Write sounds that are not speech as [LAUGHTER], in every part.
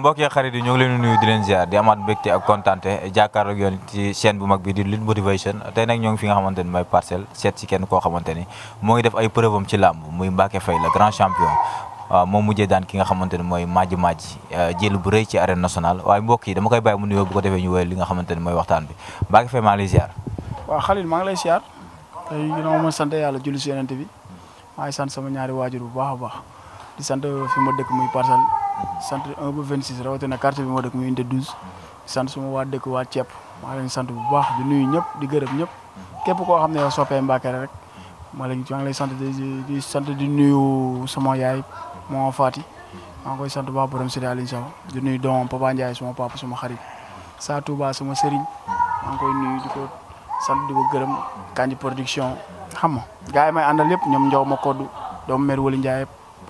mbok ya xarit yi ngi leen di nuyu di leen ziar di amat mbégte ak kontante jàkkaarloog yoon ci chaîne bu mag bi di lin Motivation tay nak ñu ngi fi nga xamanteni ni parcel set ci kenn ko xamanteni ni ngi def ay preuve am ci lamb muy Mbacké fay la grand champion mo mujjé daan ki nga xamanteni ni maji maji euh, jël bu reuy ci arène nationale way mbok yi dama koy bay mu nuyu bu ko défé ñu woyal li nga xamanteni ni waxtaan bi Mbacké fay ma lay ziar wa Khalil ma ngi lay ziar tey ginnaaw ma sante yalla julli ci yonent bi maa sante sama ñaari wajur bu baax baax di sante fi ma dekk muy parcel centre 1 ba 26 rawatina quartier bi moo dëkk muy unité 12 sant suma waa dëkk waa ceeb maa leen sant bu baax di nuyu ñëpp di gërëm ñëpp képp koo xam ne yow soppee Mbacké rek ma leen maa ngi lay sant di sant di nuyu sama yaay moo fati maa ngi koy sant bu baax borom Sidi Alioune Sow di nuyu Papa Ndiaye suma papa suma xarit Sa Touba suma koy nuyu di ko sant di ko gërëm Kanji production xam nga gars yi may àndal yëpp dom Njaw ma koddu Wali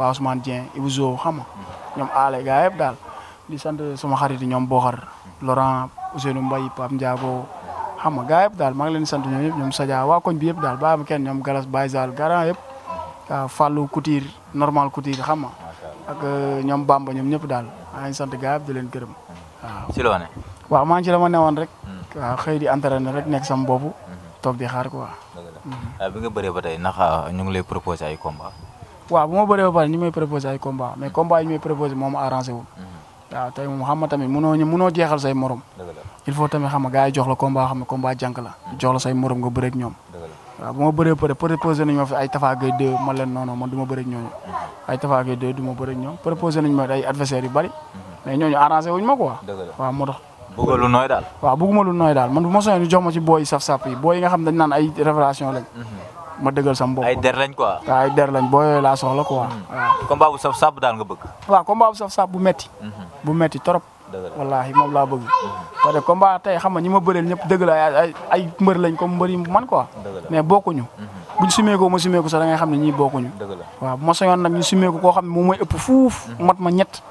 Pa Ousmane Dieng Ibou Zo xam nga ñoom aale gaa yëpp daal di sant sama xarit ñoom Boxar Laurent Ousseynou Mbaye Pape Ndiago xam nga gaa yëpp daal maa ngi leen sant ñoom yëpp ñoom Sadia waa koñ bi yëpp daal bàyyi ma kenn ñoom Galas Baye Sall garant yëpp waaw Fallou Couture normal Couture xam nga ak euh, ñoom Bamba ñoom ñëpp daal maa ngi sant gaa yëpp di leen gërëm waaw. ci loone waaw maa ngi ci rek. Hmm. waaw xëy di entraîné rek nekk sama bopp. Hmm. toog di xaar quoi. Hmm. Euh, bi ba tey ndax ñu ngi lay proposé ay combat waaw bu ma bëree ba pare ñu may proposé ay combat mais combat yi ñu may proposé moom arrangé wul mhm. waaw tey moom xam nga tamit mënoo ñu mënoo jeexal say morom il faut tamit xam nga gars yi jox la combat xam ne combat jànk la mhm. jox la say morom nga bëreeg ñoom waaw bu ma bëree ba pare proposé nañu ma fi ay Tafa Gueye 2 man leen non non man du ma bëreeg ñooñu mhm. ay Tafa Gueye 2 du ma bëreeg ñoom proposé nañu ma ay adversaires yu bari mais ñooñu arrangé wuñu ma quoi waaw moo tax bëgg lu nooy daal waaw bëgguma lu nooy daal man bu ma soñee ñu jox ma ci booy saf-saf yi booy yi nga xam dañ naan ay révélation lañ ma dëggal sam bopp. ay der lañ quoi. lañ boo yooyu la soxla quoi. Hmm. waaw combat bu saf sàpp daal nga bëgg. waaw combat bu saf sàpp bu metti hmm. bu metti trop. wallahi moom laa bëgg. Hmm. parce que combat tey xam nga ñi ma bëreel ñëpp dëgg la ay ay mbër lañ comme mbër yi man quoi. mais bokkuñu. buñ sumeekoo ma sumeeku sax da ngay xam ne ñii bokkuñu. waaw bu ma soñoon nag ñu sumeeku koo xam ne moom mooy ëpp fuuf. mat ma ñett.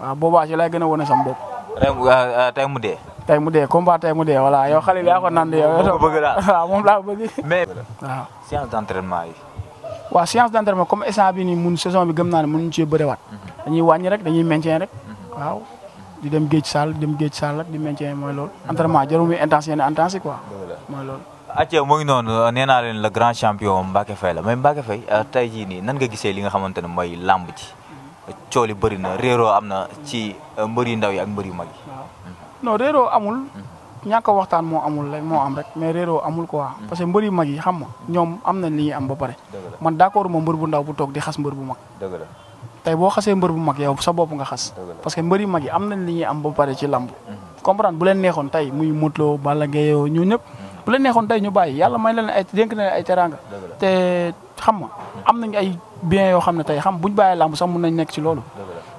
waaw boobaa ci laay gën a wane sam bopp. Euh, euh, mu dee. tey mu dee combat tey mu dee voilà yow xale yaa ko nand yow. moom bëgg daal [LAUGHS] waaw moom laa bëgg. mais waaw. yi. waaw séance d' entraînement comme instant bi nii mun saison bi gëm naa ne mënuñu cee bëriwaat. Mhm. dañuy wàññi rek dañuy maintien rek. Mhm. waaw di dem géej saal di dem géej saal rek di maintien mooy lool entraînement jarul muy intense yenn ko quoi. mooy loolu. Athia mu noonu nee naa leen le grand champion Mbacké Faye la mais Mbacké fay euh, tey jii nii nan nga gisee li nga xamante ne mooy làmb ci mhm. cool yi bëri na réeroo am na ci euh, mbër yu ndaw yi ak mbari yu mag yi non réeroo amul ñàkk waxtaan moo amul rek moo am rek mais réeroo amul quoi mm. parce que mbër yu mag yi xam ma ñoom am nañ li ñuy am ba pare man d'accord ma mbër bu ndaw bu toog di xas mbër bu mag tey boo xasee mbër bu mag yow sa bopp nga xas parce que mbër yu mag yi am nañ li ñuy am ba pare ci lamb mm-hmm. comprendre bu leen neexoon tey muy Modou Lo Balla Gaye ñu ñëpp mm-hmm. bu leen neexoon tey ñu bàyyi yàlla may leen ay dénk na leen ay teranga te xam ma am nañ ay bien yoo xam ne tey xam buñ bàyyi lamb sax mun nañ nekk ci loolu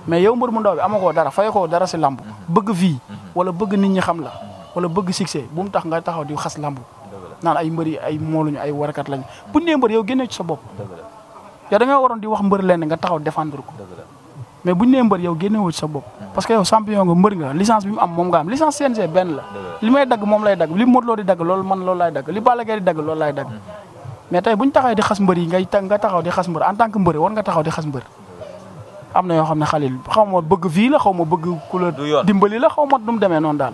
mais yow mbër mu ndaw bi amako dara fay ko dara ci lamb bëgg vie wala bëgg nit ñi xam la wala bëgg succès bu mu tax nga taxaw di xass lamb nan ay mbëri ay mooluñu ay warakat lañ bu ne mbeur yow génnee ci sa bop ya da nga waron di wax mbeur lenn nga taxaw défendre ko mais bu ne mbeur yow yow wu ci sa bop parce que yow champion nga mbeur nga licence bi mu am mom nga am licence CNG ben la limay dag mom lay dag li Modou Lo di dag lol man loolu lay dag li Balla di dag loolu lay dag mais tay buñ taxaw di xass mbeur yi ngay nga taxaw di xass mbeur en tant que mbeur won nga taxaw di xass mbeur am na yoo xam ne xalil xaw ma bëgg fii la xaw ma bëgg ku dimbali la xaw ma nu demee noon daal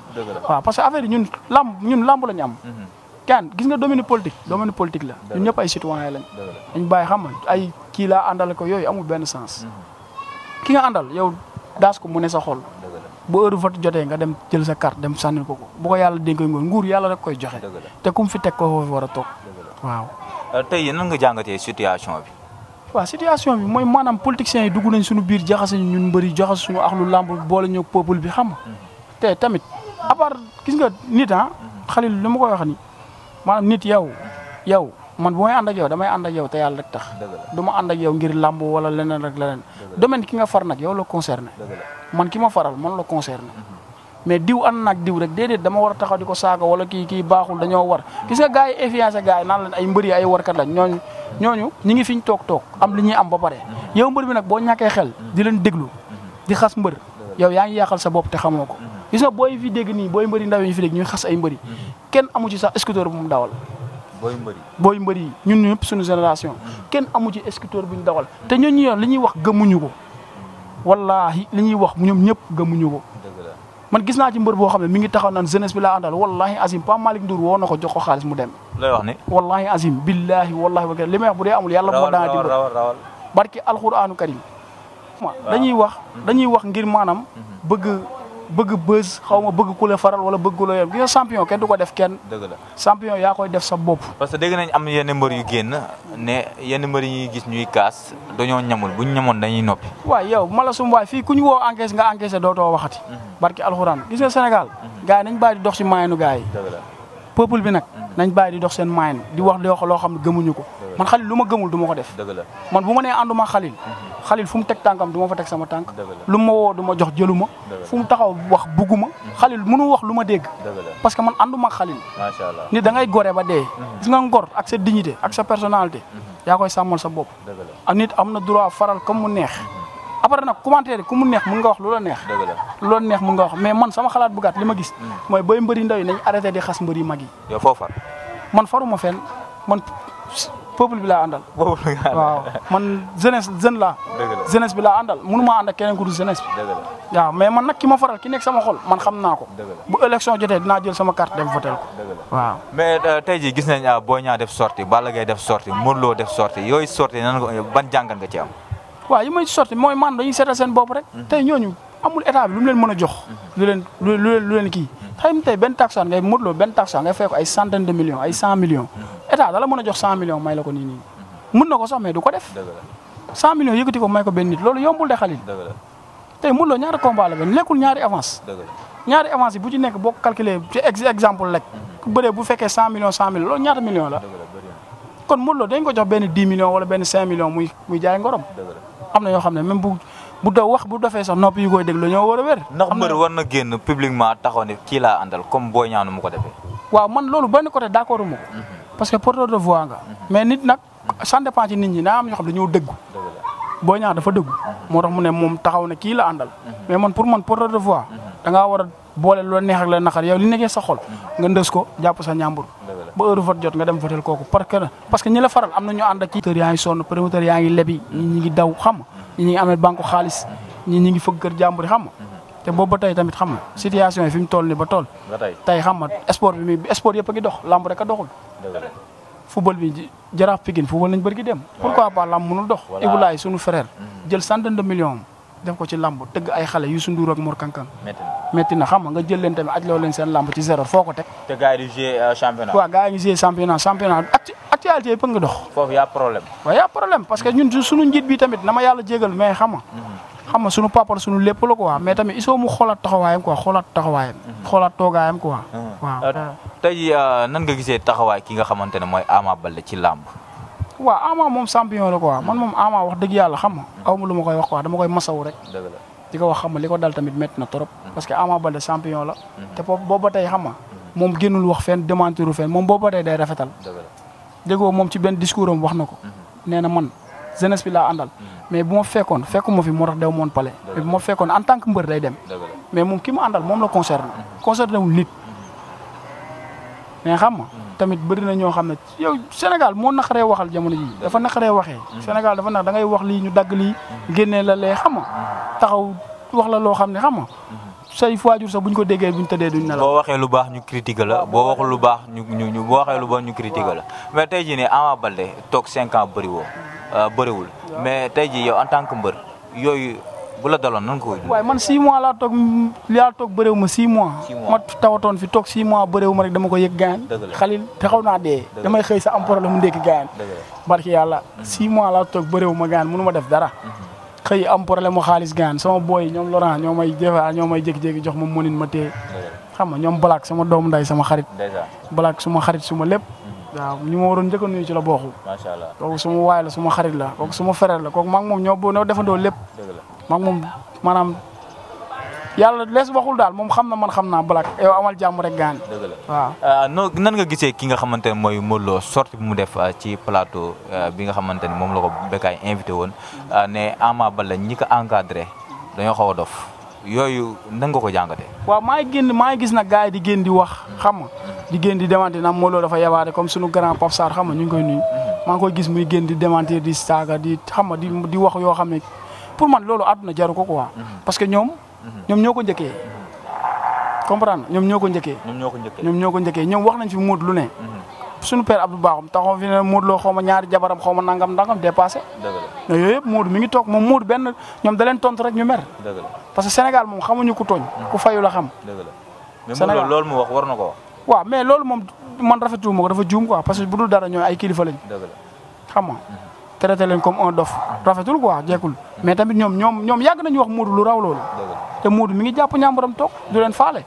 waaw parce que affaire yi ñun làmb ñun làmb la am mhm. kenn gis nga domaine politique domaine politique la ñun ñëpp ay citoyen lañ dañ bàyyi xam ay kii laa àndal ko yooyu amul benn sens mhm. ki nga àndal yow daas ko mu ne sa xol bu heure vote jotee nga dem jël sa carte dem sànni ko ko bu ko yàlla dénkoy ngoon nguur yàlla rek koy joxe te kum fi teg ko foofu war a toog waaw euh, tey nan nga jàngatee situation bi waaw situation bi mooy maanaam politiciens yi dugg nañ suñu biir jaxase ñun mbëri jaxase suñu axlu làmb boole ñëw peuple bi xam te tamit à part gis nga nit ah xalil lu ma koy wax ni maanaam nit yow yow man bu may ànd ak damay ànd ak te yàlla rek tax du ma ànd ngir làmb wala leneen rek leneen domaine ki nga far nag yow la concerné man ki ma faral man la concerné mhm. mais diw ànd nag diw rek déedéet dama war a taxaw di ko saaka wala kii kii baaxul dañoo war gis nga gars yi effiancé gars yi naan leen ay mbëri ay warkat lañ ñooñu ñooñu ñi ngi fi ñu toog toog am li ñuy am ba pare yow mbër bi nag boo ñàkkee xel di leen déglu di xas mbër yow yaa ngi yàqal sa bopp te xamoo ko gis nga booy fi dégg nii booy mbëri ndaw yi fi ñuy xas ay mbëri kenn amu ci sax scooter bu mu dawal booy mbëri booy mbëri yi ñun ñëpp suñu génération kenn amu ci scooter bu ñu dawal te ñooñu yoon li ñuy wax gëmuñu ko wallaahi li ñuy wax ñoom ñëpp gëmuñu ko man gis naa ci mbër boo xam ne mi ngi taxaw naan jeunesse bi laa àndal wallahi azim Pape Malick Ndour woo na ko jox ko xaalis mu dem lay wax ne wallahi azim billahi wallahi wa li may wax bu dee amul yàlla bu ma alquranu karim dañuy wax dañuy wax ngir maanaam mhm. bëgg bëgg bës xawma bëgg ku le faral wala bëgg ku la yem champion kenn du ko def kenn. deug la champion ya koy def sa bop parce que deug nañ am yene mbeur yu genn ne yene mbeur yi gis ñuy kaas dañoo ñamul bu ñu ñamoon dañuy nopi waaye yow mala sum way fi ku ñu woo encaissé nga encaissé dootoo waxati. Mhm. barki alcorane gis nga senegal mhm. gaay nañ baaji dox ci mayenu gaay deug la peuple bi nag. nañ bàyyi di dox seen main di wax loo xam ne gëmuñu ko man xalil lu ma gëmul du ma ko def man bu ma nee ànduma xalil mhm. xalil fu mu teg tànkam du ma fa teg sama tànk lu ma woo du ma jox jëluma ma fu mu taxaw wax bugguma mhm. xalil mënu wax lu ma dégg parce que man ànduma xalil ni da ngay gore ba dee mhm. gis nga ngor ak sa dignité ak sa personnalité yaa koy sàmmal sa bopp ak nit am na droit faral comme mu neex apare nag commentaire yi ku mu neex mun nga wax lu la neex lu la neex mun nga wax mais man sama xalaat bu li ma gis mm. mooy bay mbëri ndaw yi nañ arrêté di xas mbëri mag yi yow foo far man faruma man peuple bi laa àndal waaw man jeunesse jeune laa jeunesse bi laa àndal mënu maa ànd ak keneen ku dul jeunesse mais man nag ki ma faral ki nekk sama xol man xam naa ko bu élection jotee dinaa jël sama carte dem votel ko mais euh, tey jii gis nañ ah, Boy ñaa def sortie Balla Gaye def sortie Modou loo def sortie yooyu sortie nan ban jàngat nga ci am quoi yi may sotti mooy man dañuy seetal seen bopp rek mhm. tey ñooñu amul état bi a jox mhm. lu leen lu leen lu leen kii xëy mhm. na tey benn taxaan ngay modloo benn taxaan ngay fay ko ay centaine de millions ay cent millions état dala mën a jox cent millions may la ko nii nii mën na ko sax mais du ko def cent millions yëkkati ko may ko benn nit loolu yombul de xalil tey modloo ñaari combat la benn lekkul ñaari avance ñaari avance yi bu nekk boo ko calculé ci exemple rek ku bëree bu fekkee cent millions cent millions loolu ñaata la kon modloo dañ ko jox benn dix millions wala benn cinq millions muy muy jaay amna na xamne même bu bu do wax bu dofé sax nopi yu koy deglo ño wara wer ndax mbeur war na genn publiquement taxone ki la andal comme boy ñaanu mu ko defé waaw man lolu ben côté d' mu mhm. parce que porteur de voix nga. Mhm. mais nit nak ça dépend ci nit ñi na am ñoo xam dañu degg boy ñaan dafa degg mhm. moo tax mu ne mom taxaw ne ki la andal mais man pour man porteur de voix. da nga wara bolé lo neex ak la naxar yow li neggé sa xol. nga ndës ko japp sa ñambur ba heure vote jot nga dem votel kooku parce que parce la faral am na ñu ànd ak yaa ngi sonn promoteur yaa ngi lebi ñi ñi ngi daw xam ñi ñi ngi amee banque xaalis ñi ñi ngi fëgg kër jàmbur xam te boobu ba tay tamit xam nga situation yi fi mu toll ni ba toll tey xam nga sport bi mi sport yëpp a ngi dox lamb rek a doxul football bi jaraaf Pikine football nañ bëri gi dem pourquoi pas lamb mënul dox Ibulaay sunu frère mm-hmm. jël centaine de million def ko ci lambu tëgg ay xale Youssou Ndour ak Mor Kankan métti na xam nga jël leen tamit aj loo leen seen làmb ci zéro foo ko teg te gars yi di jouer euh, championnat waaw gars yi ñu jouer championnat championnat dox foofu y'a problème parce que ñun suñu njiit bi tamit na ma yàlla jégal mais xam nga mhm. xam nga suñu papa suñu lépp la quoi mais tamit il faut mu xoolaat taxawaayam quoi xoolaat taxawaayam mhm. xoolaat toogaayam quoi mhm. waaw euh, tey euh, nan nga gisee taxawaay ki nga xamante ne mooy Ama Baldé ci làmb wa Ama ah, mom champion la quoi man mom Ama ah, wax deug yalla xam awmu luma lu koy wax quoi dama koy massaw rek. dëgg la di wax xam liko dal tamit metna na trop. Mm-hmm. parce que Ama balde champion la. Mm-hmm. te bo ba tey xam mom mm-hmm. gennul wax fen démentiru fen, mom bo ba day rafetal. dëgg la déggoo moom ci ben discours wax nako ko. man jeunesse bi la andal mais buma fekkone fekkuma fi mo tax dew mon pale. mais bu en tant que mbeur day dem. mais mom kima andal mom la concerne concerne wul nit mais xam tamit bëri na ñoo xam ne yow Sénégal moo naqaree waxal jamono ji dafa naqaree waxee. Mm. Sénégal dafa nax da ngay wax lii ñu dagg lii mm. génnee la lee xam nga mm. taxaw wax la loo xam ne xam nga say waajur sax bu ñu ko déggee bu ñu tëddee duñ ne la. boo waxee lu baax ñu critiqué la boo waxul lu baax ñu ñu ñu boo waxee lu baax ñu critiqué la mais tey jii nii Ama Baldé toog 5 ans bëri woo euh, bëriwul mais tey jii yow en tant yooyu. bu la dalon nan ko way man 6 mois la tok la tok bërew ma 6 mois ma tawatone fi tok 6 mois bërew ma rek dama ko yegg gaan xalil taxaw na damay xey sa am problème ndek gaan barki yalla 6 mois la tok bërew ma gaan mënuma def dara mm-hmm. xey am problème xaliss gaan sama boy ñom Laurent ñomay defa ñomay jek jek jox ma monine ma té xam nga ñom black sama doom nday sama xarit black suma xarit suma lepp mm-hmm. waaw ñu ma waroon njëkk nuyu ci la bokku ma kok Allah kooku suma waay la suma xarit la kooku suma frère la mom ñoo bo no defando lepp mak mom manam yalla les waxul dal mom xamna man xamna black yow amal jam rek gaan deug la waaw ah, no nan nga gisee ki nga xamantene moy molo sorti bu mu def ah, ci plateau ah, bi nga xamantene mom lako bekay invité won né ama balla ñi ko encadrer dañu xawa dof yoyu nan nga ko jangate wa may genn may gis na gaay di genn di wax xam di genn di demante na molo dafa yabaare comme sunu grand pop sar xam ñu ngi koy nuyu mm-hmm. ma koy gis muy genn di demante di saga di xam di wax yo xamne pour man loolu àdduna jaru ko quoi. Mhm. parce que ñoom. Mhm. ñoom ñoo ko njëkkee. Mhm. comprendre ñoom ñoo ko njëkkee. ñoom ñoo ko njëkkee ñoom ñoo ko njëkkee ñoom wax nañ fi Modou lu ne. suñu père Abdou Bakhoum taxaw fi ne ma ñaari jabaram xaw ma nangam nangam dépassé. dëgg la mi ngi toog moom Modou benn ñoom da leen tontu rek ñu mer. parce que Sénégal moom xamuñu ku tooñ. ku fayu la xam. dëgg la mais Modou loolu mu wax war na ko wax. waaw mais loolu moom man rafetlu ma ko dafa juum quoi parce que bu dul dara ñooy ay kilifa lañ. dëgg la xam nga traité len comme un dof rafetul quoi djekul mais tamit ñom ñom ñom yag nañ wax Modou lu raw lool te Modou mi ngi japp ñàmbaram tok du len falé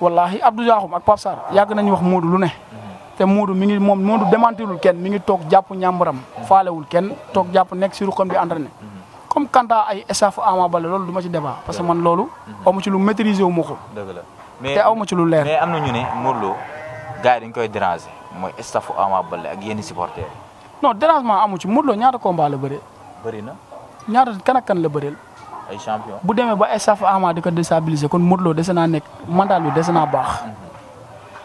wallahi Abdou Diakhoum ak pap sar yag nañ wax Modou lu ne. te Modou mi ngi mom Modou démentirul kenn mi ngi tok japp jàpp falé wul kenn tok japp nek ci ruqam di andane comme Kanta ay staff Ama Baldé lool duma ci débat parce que man loolu. amu ci lu maîtriser wu moko mais te aw ci lu leer mais amna ñu né Modou gaay dañ koy déranger moy staff Ama Baldé ak yeen supporters non dérangement amu ci Modou Lo ñaata la bëree. bëri na. ñaata kan ak kan la bëreel. ay champion bu demee ba staff Ama di ko déstabiliser kon Modou Lo dese naa nekk mental bi dese naa baax. Mhm.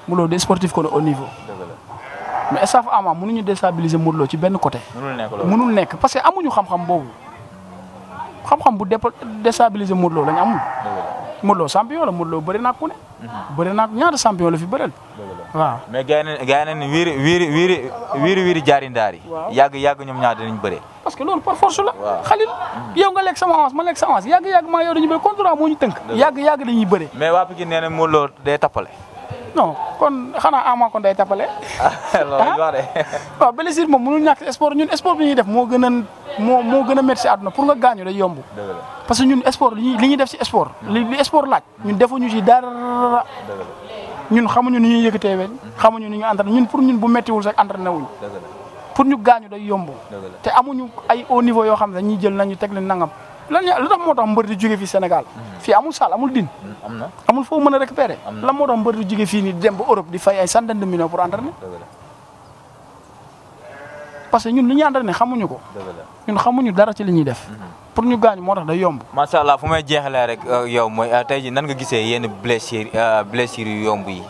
Modou Lo de sportif kon au niveau. mais staff Ama mënuñu déstabiliser Modou Lo ci benn côté. mënul nekk loolu mënul nekk parce que amuñu xam-xam boobu xam-xam bu déstabiliser Modou Lo lañ amul. Modou Lo champion la Modou Lo bëri naa ku ne. Mhm. bëri naa ñaata champion la fi bëreel. waaw mais gars yi ne gars yi ne wiiri wiiri wiiri jaari ndaari. waaw yàgg yàgg ñoom ñaar dinañ bëre. parce que loolu par force la. xalil mhm. yow nga lekk sama avance ma lekk sama avance yàgg yàgg maa yow dañuy bëri contrat moo ñu tënk. yàgg yàgg dañuy bëre. mais waa nee na Modou Lo non kon xanaa ama kon day tapale. [LAUGHS] loolu ah? wax de. [LAUGHS] waaw blessure moom mënul ñàkk sport ñun sport bi ñuy def moo gën a moo moo gën a si àdduna pour nga gaañu day yomb. parce que ñun sport li ñuy def si sport. li li sport laaj ñun defuñu si dara. ñun xamuñu ni ñuy yëkkatee weñ xamuñu ni ñu entraîné ñun pour ñun bu méttiwul sax entraîné wuñ pour ñu gaañu day yomb. te amuñu ay haut niveau yoo xam ne ñuy jël ñu teg leen nangam. lan la tax moo tax mbër di jóge fii Sénégal hmm. fi amul saal amul din hmm, am na amul foo mën a récupérer lan moo tax mbër di jóge fii nii dem ba Europe di fay ay centaine de millions pour entraîner parce que ñun li ñu entraîner xamuñu ko ñun xamuñu dara ci li ñuy def hmm. pour ñu gaañ moo tax day yomb macha allah fu may jeexalee rek euh, yow mooy euh, tey ji nan nga gisee yenn blessure euh, blessure yu yomb yi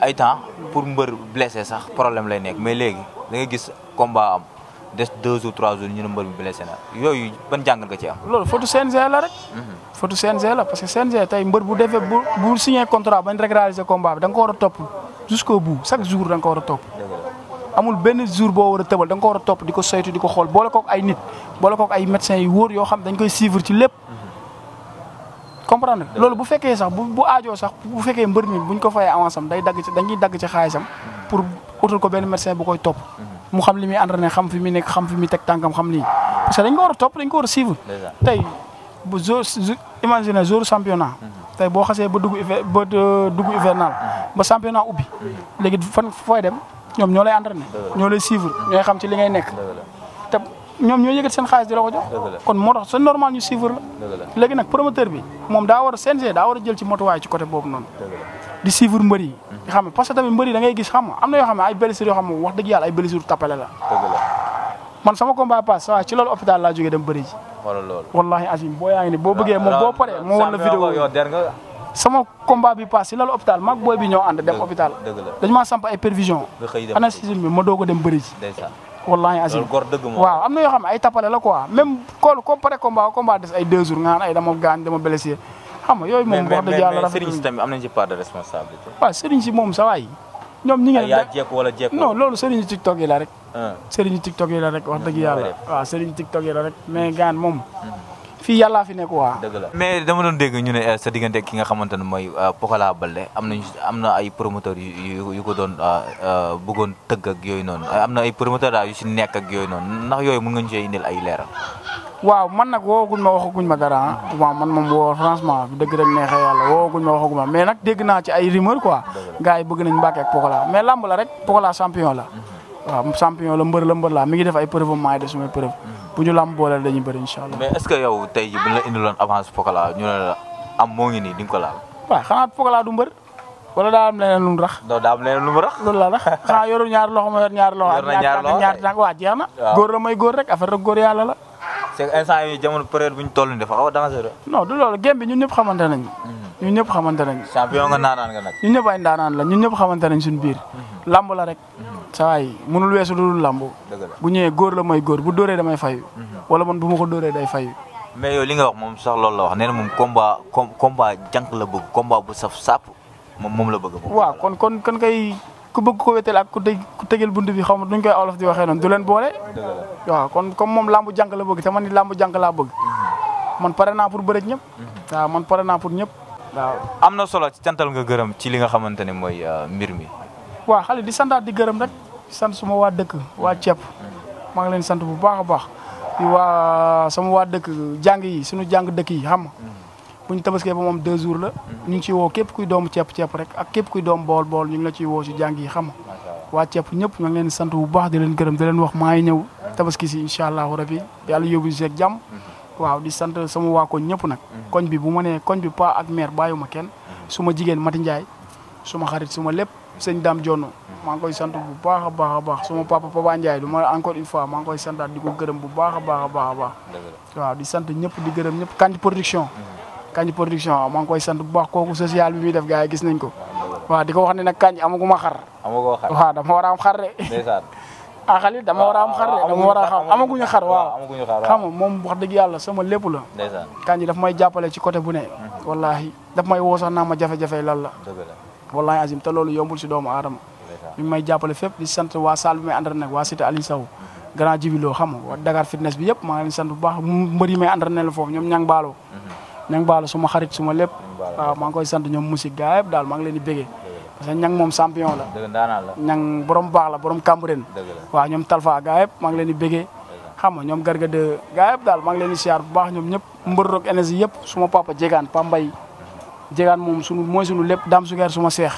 ay temps pour mbër blessé sax problème lay nekk mais léegi da nga gis combat am des deux ou trois jours ñu ne mbër bi blessé na yooyu ban jàng nga ci am. loolu footu CNG la rek. footu CNG la parce que CNG tey mbër bu defee bu bu signé contrat bañ rek da ko war a topp jusqu'au bout jour da nga war a topp. amul benn jour boo war a tëbal da nga ko a topp di ko saytu di ko xool boole ko ay nit boole ko ay médecins yu wóor yoo xam dañ koy suivre ci lépp. comprendre loolu bu fekkee sax bu bu aajoo sax bu fekkee mbër mi buñ ko fayee avance am dagg ci dañuy dagg ci xaalisam pour utal ko ben médecin bu koy topp. mu xam li muy entraîné xam fi muy nekk xam fi muy teg tànkam xam lii parce que dañ war a topp dañ ko war a suivre. tey bu jour imaginer jour championnat. Mhm. tey boo xasee ba dugg hiver ba euh, dugg hivernal. Mhm. ba championnat ubbi. Mhm. léegi fan fooy dem ñoom ñoo lay entraîné. ñoo lay suivre ñooy xam ci li ngay nekk. te ñoom ñoo yëkkati seen xaalis di la ko jox. kon moo tax c'est normal ñu suivre la. léegi nag promoteur bi moom daa war a CNG daa war a jël ci motuwaay ci côté boobu noonu. di suivre mbër yi xam nga parce que tamit yi gis xam am na yoo xam ay blessures yoo xam ne wax ay blessures tapale la man sama combat pass waaye ci loolu hôpital laa jógee dem wallahi azim boo ni boo bëggee moom boo paree moo won la vidéo sama combat bi pass ci loolu hôpital maag booy bi ñoo ànd dem ay prévision anesthésie bi ma doog a dem bëri ji wallahi azim waaw am na yoo xam ne ay tapale la quoi même koolu comme pare combat des ay deux jours nga ay dama gaañ dama blessé xam nga yooyu moom wax dëgg yàlla rafetlu mais mais mais sëriñ si tamit moom sa waay ñoom ñi ngeen. yaa no loolu jékku non loolu sëriñu TikTok yi la rek. Ah. sëriñu TikTok yi la rek wax dëgg mm-hmm. yàlla. waaw sëriñu TikTok yi la rek mais mm-hmm. gaan moom. Mm-hmm. fii yàllaa fi nekk waa. dëgg la mais dama doon dégg ñu ne euh, sa diggante ki nga xamante ne mooy euh, Pokola Baldé am nañu am na ay promoteurs yu yu ko doon euh, bëggoon tëgg ak yooyu noonu am na ay promoteurs daal yu si nekk ak yooyu noonu ndax yooyu mën nga ñu see indil ay leeral waaw man nag wooguñ ma waxaguñ ma dara ah. waaw man moom woo franchement dëgg rek neexee yàlla wooguñ ma waxaguñ ma mais nak dégg naa ci ay rumeur quoi gars yi bëgg nañ Mbacké ak Pokola mais lamb la rek Pokola champion la waaw champion la mbër la mbër la mi ngi def ay preuve maa ngi def sumay preuve bu ñu lamb boole dañuy bëri incha allah. mais est ce que yow tey ji bu ñu la indiloon avance Pokola ñu ne la am moo ngi nii di nga ko laal. waaw xanaa Pokola du mbër wala daa am leneen lu rax. non daa am leneen lu rax. loolu laa rax xanaa yoru ñaari loxo yor ñaari loxo. yor na ñaari loxo ñaari tànk la may góor rek affaire rek góor la c'est instant yi jamono période buñ tollu dafa xaw dangereux non du loolu gembe ñun ñep xamante nañ hmm. ñun ñep xamante nañ champion nga nanan nga nak ñun ñep ay nanan la ñun ñep xamante nañ suñu biir hmm. lamb la rek hmm. saay mënul wessu lu lamb bu ñewé gor la moy gor bu doré damay fay wala man bu mako doré day fay mais yo li nga wax mom sax loolu la wax néna mom combat combat jank la bëgg combat bu saf sap mom mom la bëgg wa kon kon kan kay ku bëgg ko wétal ak ku tëj ku tëjal bunt bi xawma duñ koy olof di waxé non du len bolé wa kon comme mom làmbu jang la bëgg té man ni làmbu jang la bëgg man paré na pour bëreñ ñëpp wa man paré na pour ñëpp wa amna solo ci tantal nga gërëm ci li nga xamanteni moy euh, mbir mi wa xali di garam di gërëm rek sant suma wa dëkk wa ceeb ma ngi leen sant bu baax baax di wa sama wa dëkk jang yi suñu jang dëkk yi xam bu tabaské ba mom 2 jours la ñu ci wo képp kuy doom ciép ciép rek ak képp kuy doom bol bol ñu ngi la ci wo ci jang yi xam wa ciép ñëpp ñu ngi leen sant bu baax di leen gërëm di leen wax ma ngi ñëw tabaski ci inshallah rabbi yalla yobu ci ak jam mm-hmm. waaw di sant sama wa koñ ñëpp nak mm-hmm. koñ bi bu ma né koñ bi pa ak mère bayuma kenn mm-hmm. suma jigen Mati ndjay suma xarit suma lepp señ dam Jonn ma ngi koy sant bu baax baax baax suma papa Papa ndjay du ma encore une fois ma ngi koy santaat di ko gërëm bu baax baax baax baax waaw di sant ñëpp di gërëm ñëpp kanti production Kandji production maa ngi koy sant bu baax kooku social bi muy def gars yi gis nañ ko waaw di ko wax ne nag Kandji amaguma xar. amagoo xar waaw dama war a am xar de. ndeysaan [LAUGHS] ah xalit dama war a am xar de dama war a xam amaguñu xar waaw. amaguñu xar xam nga moom wax dëgg yàlla sama lépp la. ndeysaan Kandji daf may jàppale ci côté bu ne. Mhm. wallaahi daf may woo sax naa ma jafe-jafe lan la. dëgg la wallaahi azim te loolu yombul si doomu aadama. ñu may jàppale fépp di sant waa Sall bi may àndal nag waa Cité Aliou Sow grand jibiloo xam nga waa Dakar fitness bi yëpp maa ngi leen sant bu baax mbër yi may àndal ne la foofu ñoom ñang baaloo mhm. ñang balu suma xarit suma lepp waaw ma ngi koy sant ñom musique gaay yëpp daal ngi leen di parce que ñang mom champion la ñang borom baax la borom cambrène wa ñom talfa gaay yëpp ngi leen di xam nga ñom garga de gaay dal daal maa ngi leen di bu baax ñom ñep mbeur rok energie yëpp suma papa jegaan pambay jegaan mom sunu mooy sunu dam su guer suma cheikh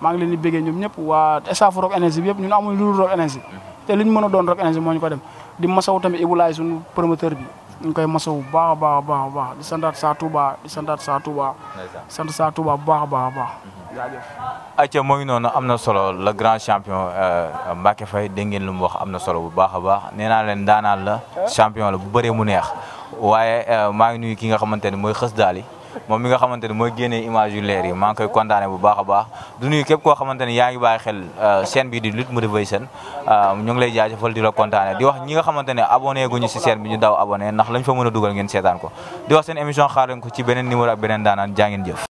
ma ngi leen di bégee ñoom ñëpp waa staff rok energie bi ñun amuñ lu rok energie mhm. te liñ mëna doon rok energie moo ko dem di massaw tamit ibulaay sunu promoteur bi ñu koy masawu bu baax a baax a baax a baax di santaat saa Touba di santaat saa Touba. bu baax a baax a baax. Mhm. jaajëf. ayca moo ngi noonu am na solo la grand champion euh, Mbacke fay dégg ngeen lu mu wax am na solo bu baax a baax nee naa leen daanaan la eh? champion la bu bëree mu neex waaye euh, maa ngi nuyu ki nga xamante ne mooy xës daali moom mi nga xamante ni mooy génnee image yu leer yi maa ngi koy kontaane bu baax a baax du nuyu képp koo xamante yaa ngi bàyyi xel euh, chaîne bi di Lutte Motivation euh, ñu ngi lay jaajëfal di la kontaane di wax ñi nga xamante ne abonné guñu si chaîne bi ñu daw abonné ndax lañ fa mën a dugal ngeen seetaan ko di wax seen émission xaar leen ko ci beneen numéro ak beneen daanaan jaa jëf